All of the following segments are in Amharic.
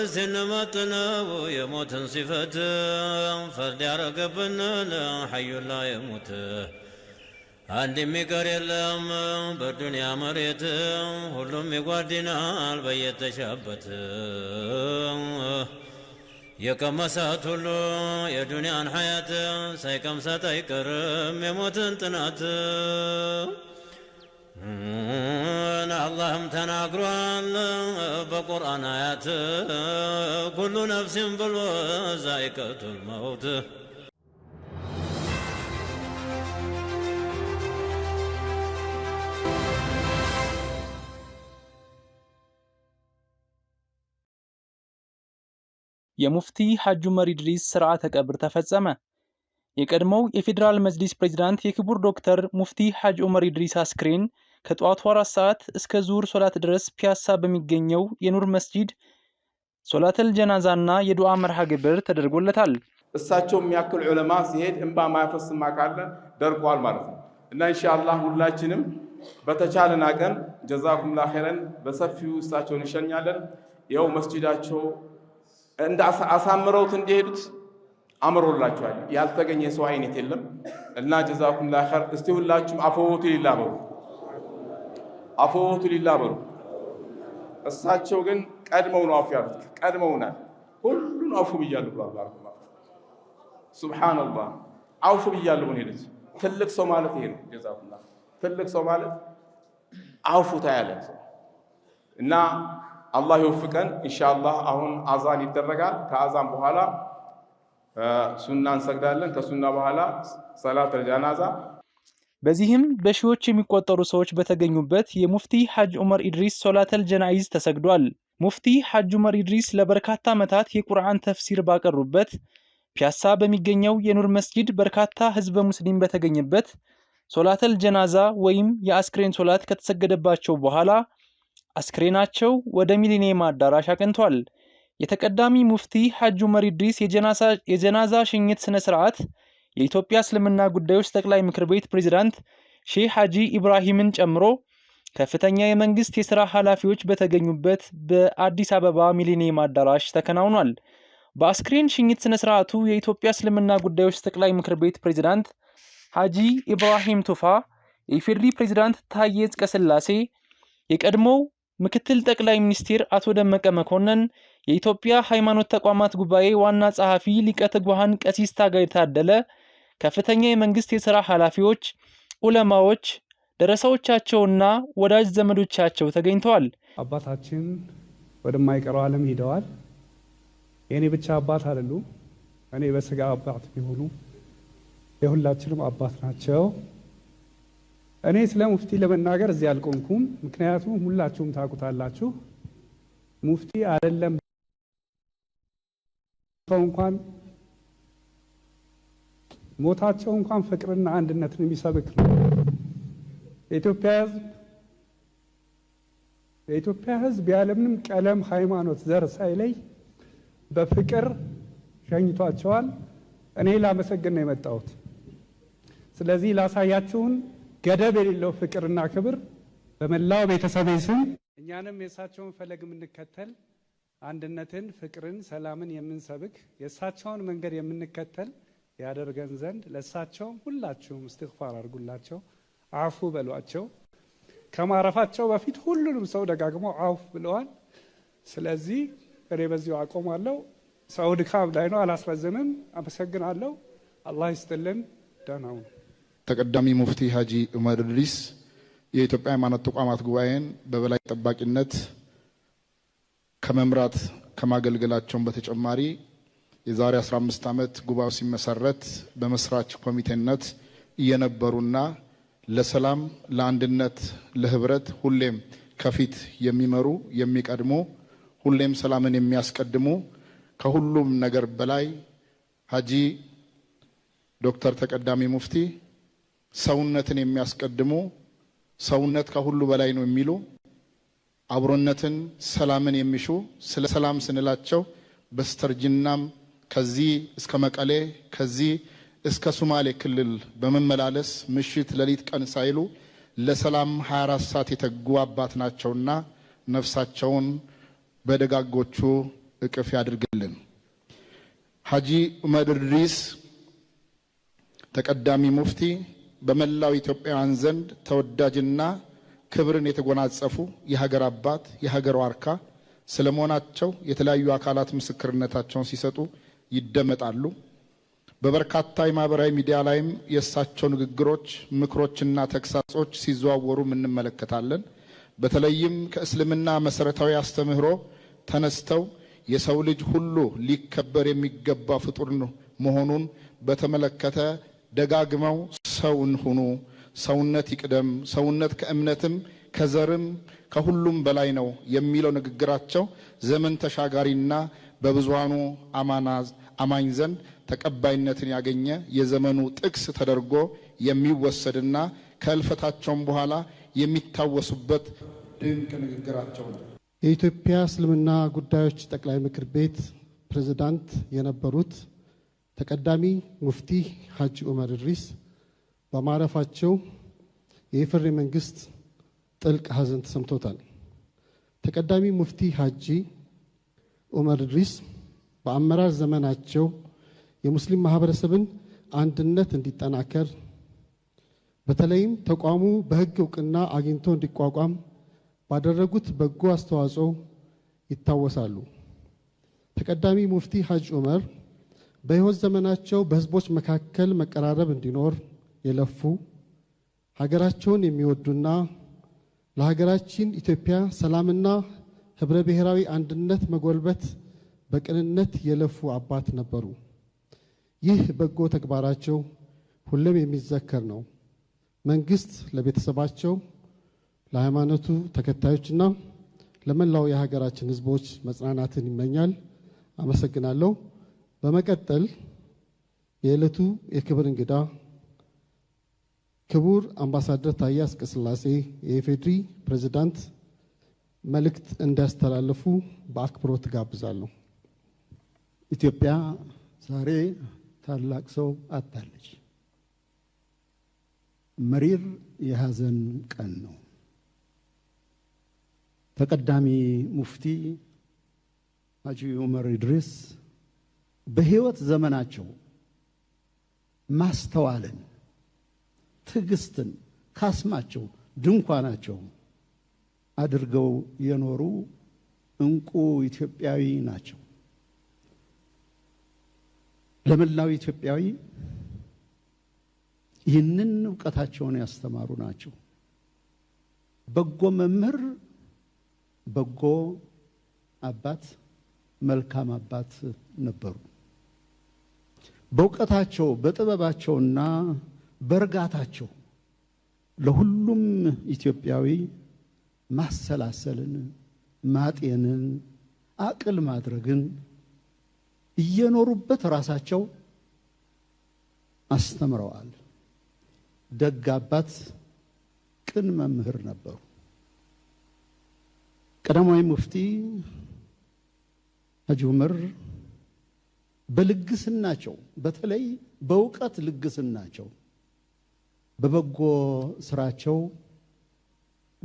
እስቲ እንመጥነው የሞትን ሲፈት ፈርድ ያረገብንን ሐዩላ የሙት አንድ የሚቀር የለም በዱንያ መሬት ሁሉም ይጓድናል በየተሻበት የቀመሳት ሁሉ የዱንያን ሐያት ሳይቀምሳት አይቀርም የሞትን ጥናት አላህም ተናግሯል በቁርአን አያት ኩሉ ነፍሲን ብሎ ዛኢቀቱል መውት የሙፍቲ ሐጅ ዑመር ኢድሪስ ስርዓተ ቀብር ተፈጸመ። የቀድሞው የፌዴራል መጅሊስ ፕሬዝዳንት የክቡር ዶክተር ሙፍቲ ሐጅ ዑመር ኢድሪስ አስክሬን ከጠዋቱ አራት ሰዓት እስከ ዙር ሶላት ድረስ ፒያሳ በሚገኘው የኑር መስጂድ ሶላተል ጀናዛና የዱዓ መርሃ ግብር ተደርጎለታል። እሳቸው የሚያክል ዑለማ ሲሄድ እንባ ማያፈስማ ካለ ደርቋል ማለት ነው እና ኢንሻአላህ ሁላችንም በተቻለን አቀን ጀዛኩም ላኸረን በሰፊው እሳቸውን እንሸኛለን። ያው መስጂዳቸው እንደ አሳምረውት እንዲሄዱት አምሮላቸዋል። ያልተገኘ ሰው አይነት የለም እና ጀዛኩም ላኸር እስቲ ሁላችሁም አፈወቱ ይላበሩ አፎቱ ሊላ በሉ። እሳቸው ግን ቀድመው ነው አፉ ያሉት። ቀድመውናል። ሁሉን አፉ ብያሉ ብሏል። ባረከላ ሱብሓነላህ አፉ ብያሉ ሆን ሄደች። ትልቅ ሰው ማለት ይሄ ነው። ጀዛኩላ ትልቅ ሰው ማለት አፉታ ያለ ሰው እና አላህ ይወፍቀን ኢንሻአላህ። አሁን አዛን ይደረጋል። ከአዛን በኋላ ሱና እንሰግዳለን። ከሱና በኋላ ሰላት አልጀናዛ በዚህም በሺዎች የሚቆጠሩ ሰዎች በተገኙበት የሙፍቲ ሐጅ ዑመር ኢድሪስ ሶላተል ጀናይዝ ተሰግዷል። ሙፍቲ ሐጅ ዑመር ኢድሪስ ለበርካታ ዓመታት የቁርአን ተፍሲር ባቀሩበት ፒያሳ በሚገኘው የኑር መስጂድ በርካታ ህዝበ ሙስሊም በተገኘበት ሶላተል ጀናዛ ወይም የአስክሬን ሶላት ከተሰገደባቸው በኋላ አስክሬናቸው ወደ ሚሊኒየም አዳራሽ አቅንቷል። የተቀዳሚ ሙፍቲ ሐጅ ዑመር ኢድሪስ የጀናዛ ሽኝት ስነ ስርዓት የኢትዮጵያ እስልምና ጉዳዮች ጠቅላይ ምክር ቤት ፕሬዝዳንት ሼህ ሐጂ ኢብራሂምን ጨምሮ ከፍተኛ የመንግስት የሥራ ኃላፊዎች በተገኙበት በአዲስ አበባ ሚሊኒየም አዳራሽ ተከናውኗል። በአስክሬን ሽኝት ሥነ ሥርዓቱ የኢትዮጵያ እስልምና ጉዳዮች ጠቅላይ ምክር ቤት ፕሬዝዳንት ሐጂ ኢብራሂም ቱፋ፣ የኢፌድሪ ፕሬዝዳንት ታዬ ሥላሴ፣ የቀድሞው ምክትል ጠቅላይ ሚኒስትር አቶ ደመቀ መኮንን፣ የኢትዮጵያ ሃይማኖት ተቋማት ጉባኤ ዋና ጸሐፊ ሊቀ ትጉሃን ቀሲስ ታጋይ ታደለ ከፍተኛ የመንግስት የሥራ ኃላፊዎች፣ ዑለማዎች፣ ደረሰዎቻቸውና ወዳጅ ዘመዶቻቸው ተገኝተዋል። አባታችን ወደማይቀረው ዓለም ሂደዋል። የእኔ ብቻ አባት አይደሉም። እኔ በስጋ አባት ቢሆኑ የሁላችንም አባት ናቸው። እኔ ስለ ሙፍቲ ለመናገር እዚህ አልቆምኩም። ምክንያቱም ሁላችሁም ታውቁታላችሁ ሙፍቲ አይደለም እንኳን ሞታቸው እንኳን ፍቅርና አንድነትን የሚሰብክ ነው። የኢትዮጵያ ሕዝብ የኢትዮጵያ ሕዝብ ያለምንም ቀለም፣ ሃይማኖት፣ ዘር ሳይለይ በፍቅር ሸኝቷቸዋል። እኔ ላመሰግን ነው የመጣሁት። ስለዚህ ላሳያችሁን ገደብ የሌለው ፍቅርና ክብር በመላው ቤተሰቤ ስም እኛንም የእሳቸውን ፈለግ የምንከተል አንድነትን፣ ፍቅርን፣ ሰላምን የምንሰብክ የእሳቸውን መንገድ የምንከተል ያደርገን ዘንድ ለእሳቸውም ሁላችሁም እስትግፋር አድርጉላቸው፣ አፉ በሏቸው። ከማረፋቸው በፊት ሁሉንም ሰው ደጋግሞ አፉ ብለዋል። ስለዚህ እኔ በዚሁ አቆማለሁ። ሰው ድካም ላይ ነው፣ አላስረዝምም። አመሰግናለሁ። አላህ ይስጥልን። ደናው ተቀዳሚ ሙፍቲ ሀጂ ዑመር እድሪስ የኢትዮጵያ ሃይማኖት ተቋማት ጉባኤን በበላይ ጠባቂነት ከመምራት ከማገልገላቸውን በተጨማሪ የዛሬ 15 ዓመት ጉባኤው ሲመሰረት በመስራች ኮሚቴነት እየነበሩና ለሰላም፣ ለአንድነት፣ ለህብረት ሁሌም ከፊት የሚመሩ የሚቀድሙ ሁሌም ሰላምን የሚያስቀድሙ ከሁሉም ነገር በላይ ሀጂ ዶክተር ተቀዳሚ ሙፍቲ ሰውነትን የሚያስቀድሙ ሰውነት ከሁሉ በላይ ነው የሚሉ አብሮነትን፣ ሰላምን የሚሹ ስለ ሰላም ስንላቸው በስተርጅናም ከዚህ እስከ መቀሌ ከዚህ እስከ ሱማሌ ክልል በመመላለስ ምሽት ለሊት ቀን ሳይሉ ለሰላም 24 ሰዓት የተጉ አባት ናቸውና ነፍሳቸውን በደጋጎቹ እቅፍ ያድርግልን። ሐጂ ዑመር ተቀዳሚ ሙፍቲ በመላው ኢትዮጵያውያን ዘንድ ተወዳጅና ክብርን የተጎናጸፉ የሀገር አባት፣ የሀገር ዋርካ ስለመሆናቸው የተለያዩ አካላት ምስክርነታቸውን ሲሰጡ ይደመጣሉ። በበርካታ የማህበራዊ ሚዲያ ላይም የእሳቸው ንግግሮች፣ ምክሮችና ተግሳጾች ሲዘዋወሩም እንመለከታለን። በተለይም ከእስልምና መሰረታዊ አስተምህሮ ተነስተው የሰው ልጅ ሁሉ ሊከበር የሚገባ ፍጡር መሆኑን በተመለከተ ደጋግመው ሰውን ሁኑ፣ ሰውነት ይቅደም፣ ሰውነት ከእምነትም ከዘርም ከሁሉም በላይ ነው የሚለው ንግግራቸው ዘመን ተሻጋሪና በብዙሃኑ አማኝ ዘንድ ተቀባይነትን ያገኘ የዘመኑ ጥቅስ ተደርጎ የሚወሰድና ከህልፈታቸውም በኋላ የሚታወሱበት ድንቅ ንግግራቸው ነው። የኢትዮጵያ እስልምና ጉዳዮች ጠቅላይ ምክር ቤት ፕሬዝዳንት የነበሩት ተቀዳሚ ሙፍቲ ሐጂ ዑመር እድሪስ በማረፋቸው የኢፌዴሪ መንግስት ጥልቅ ሐዘን ተሰምቶታል። ተቀዳሚ ሙፍቲ ሐጂ ኡመር እድሪስ በአመራር ዘመናቸው የሙስሊም ማህበረሰብን አንድነት እንዲጠናከር በተለይም ተቋሙ በሕግ እውቅና አግኝቶ እንዲቋቋም ባደረጉት በጎ አስተዋጽኦ ይታወሳሉ። ተቀዳሚ ሙፍቲ ሐጅ ዑመር በሕይወት ዘመናቸው በሕዝቦች መካከል መቀራረብ እንዲኖር የለፉ ሀገራቸውን የሚወዱና ለሀገራችን ኢትዮጵያ ሰላምና ህብረ ብሔራዊ አንድነት መጎልበት በቅንነት የለፉ አባት ነበሩ። ይህ በጎ ተግባራቸው ሁሌም የሚዘከር ነው። መንግስት ለቤተሰባቸው፣ ለሃይማኖቱ ተከታዮችና ለመላው የሀገራችን ሕዝቦች መጽናናትን ይመኛል። አመሰግናለሁ። በመቀጠል የዕለቱ የክብር እንግዳ ክቡር አምባሳደር ታዬ አጽቀሥላሴ የኢፌዴሪ ፕሬዝዳንት መልእክት እንዲያስተላልፉ በአክብሮት ጋብዛለሁ። ኢትዮጵያ ዛሬ ታላቅ ሰው አጣለች። መሪር የሐዘን ቀን ነው። ተቀዳሚ ሙፍቲ ሐጂ ዑመር ኢድሪስ በሕይወት ዘመናቸው ማስተዋልን፣ ትዕግስትን ካስማቸው ድንኳናቸው አድርገው የኖሩ እንቁ ኢትዮጵያዊ ናቸው። ለመላው ኢትዮጵያዊ ይህንን እውቀታቸውን ያስተማሩ ናቸው። በጎ መምህር፣ በጎ አባት፣ መልካም አባት ነበሩ። በእውቀታቸው በጥበባቸውና በእርጋታቸው ለሁሉም ኢትዮጵያዊ ማሰላሰልን፣ ማጤንን፣ አቅል ማድረግን እየኖሩበት ራሳቸው አስተምረዋል። ደግ አባት፣ ቅን መምህር ነበሩ። ቀዳማዊ ሙፍቲ ሀጂ ዑመር በልግስናቸው በተለይ በእውቀት ልግስናቸው በበጎ ስራቸው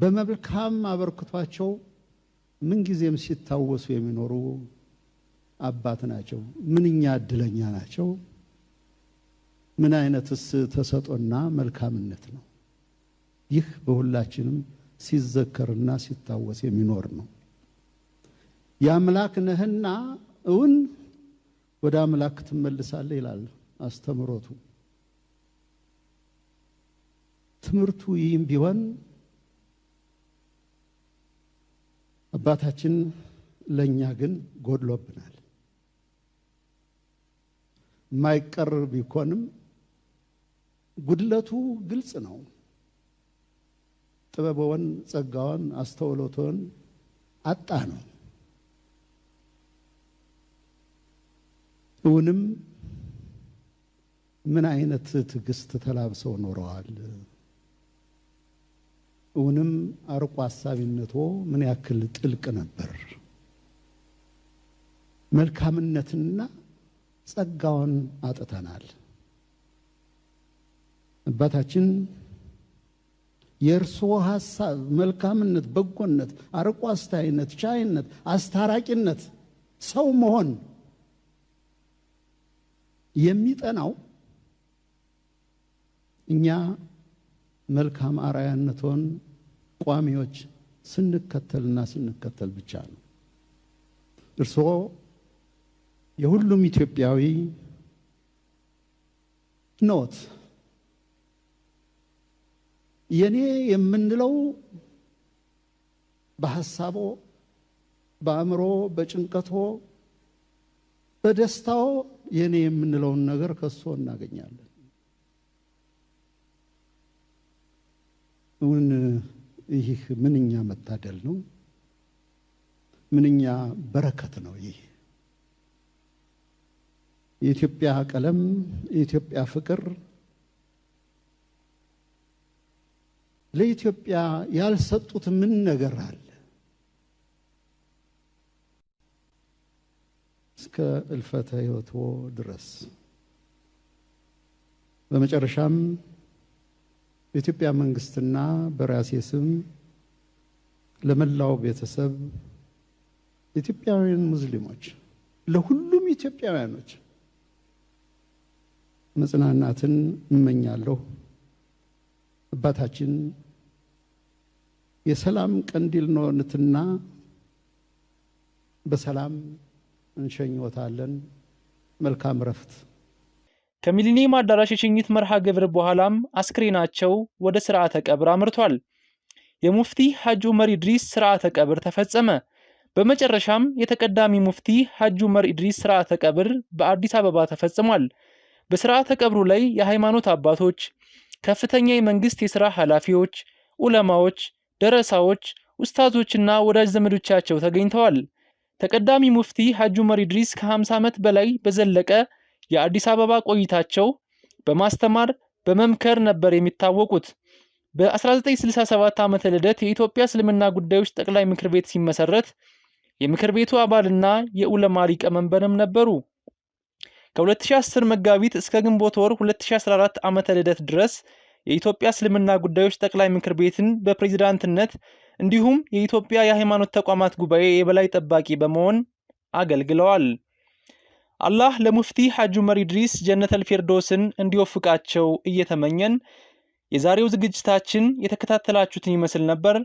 በመልካም አበርክቷቸው ምንጊዜም ሲታወሱ የሚኖሩ አባት ናቸው። ምንኛ እድለኛ ናቸው! ምን አይነትስ ተሰጦና መልካምነት ነው! ይህ በሁላችንም ሲዘከርና ሲታወስ የሚኖር ነው። የአምላክ ነህና እውን ወደ አምላክ ትመልሳለህ ይላል አስተምሮቱ ትምህርቱ ይህም ቢሆን አባታችን ለእኛ ግን ጎድሎብናል። የማይቀር ቢኮንም ጉድለቱ ግልጽ ነው። ጥበበውን፣ ጸጋውን፣ አስተውሎቶን አጣ ነው። እውንም ምን አይነት ትዕግስት ተላብሰው ኖረዋል። እውንም አርቆ ሀሳቢነቶ ምን ያክል ጥልቅ ነበር። መልካምነትንና ጸጋውን አጥተናል። አባታችን የእርስዎ ሀሳብ መልካምነት፣ በጎነት፣ አርቆ አስተዋይነት፣ ቻይነት፣ አስታራቂነት፣ ሰው መሆን የሚጠናው እኛ መልካም አራያነቶን ቋሚዎች ስንከተልና ስንከተል ብቻ ነው። እርስዎ የሁሉም ኢትዮጵያዊ ኖት። የኔ የምንለው በሐሳቦ፣ በአእምሮ፣ በጭንቀቶ፣ በደስታዎ የኔ የምንለውን ነገር ከሶ እናገኛለን። እውን ይህ ምንኛ መታደል ነው! ምንኛ በረከት ነው! ይህ የኢትዮጵያ ቀለም፣ የኢትዮጵያ ፍቅር፣ ለኢትዮጵያ ያልሰጡት ምን ነገር አለ? እስከ እልፈተ ህይወትዎ ድረስ በመጨረሻም በኢትዮጵያ መንግስትና በራሴ ስም ለመላው ቤተሰብ ኢትዮጵያውያን ሙስሊሞች፣ ለሁሉም ኢትዮጵያውያኖች መጽናናትን እመኛለሁ። አባታችን የሰላም ቀንዲል ነውና በሰላም እንሸኝዎታለን። መልካም እረፍት። ከሚሊኒየም አዳራሽ የሽኝት መርሃ ግብር በኋላም አስክሬናቸው ወደ ስርዓተ ቀብር አምርቷል። የሙፍቲ ሐጅ ዑመር ኢድሪስ ስርዓተ ቀብር ተፈጸመ። በመጨረሻም የተቀዳሚ ሙፍቲ ሐጅ ዑመር ኢድሪስ ስርዓተ ቀብር በአዲስ አበባ ተፈጽሟል። በስርዓተ ቀብሩ ላይ የሃይማኖት አባቶች፣ ከፍተኛ የመንግስት የሥራ ኃላፊዎች፣ ዑለማዎች፣ ደረሳዎች፣ ኡስታዞችና ወዳጅ ዘመዶቻቸው ተገኝተዋል። ተቀዳሚ ሙፍቲ ሐጅ ዑመር ኢድሪስ ከ50 ዓመት በላይ በዘለቀ የአዲስ አበባ ቆይታቸው በማስተማር በመምከር ነበር የሚታወቁት። በ1967 ዓመተ ልደት የኢትዮጵያ እስልምና ጉዳዮች ጠቅላይ ምክር ቤት ሲመሰረት የምክር ቤቱ አባልና የኡለማ ሊቀመንበርም ነበሩ። ከ2010 መጋቢት እስከ ግንቦት ወር 2014 ዓመተ ልደት ድረስ የኢትዮጵያ እስልምና ጉዳዮች ጠቅላይ ምክር ቤትን በፕሬዚዳንትነት እንዲሁም የኢትዮጵያ የሃይማኖት ተቋማት ጉባኤ የበላይ ጠባቂ በመሆን አገልግለዋል። አላህ ለሙፍቲ ሐጅ ዑመር ኢድሪስ ጀነተል ፊርዶስን እንዲወፍቃቸው እየተመኘን የዛሬው ዝግጅታችን የተከታተላችሁትን ይመስል ነበር።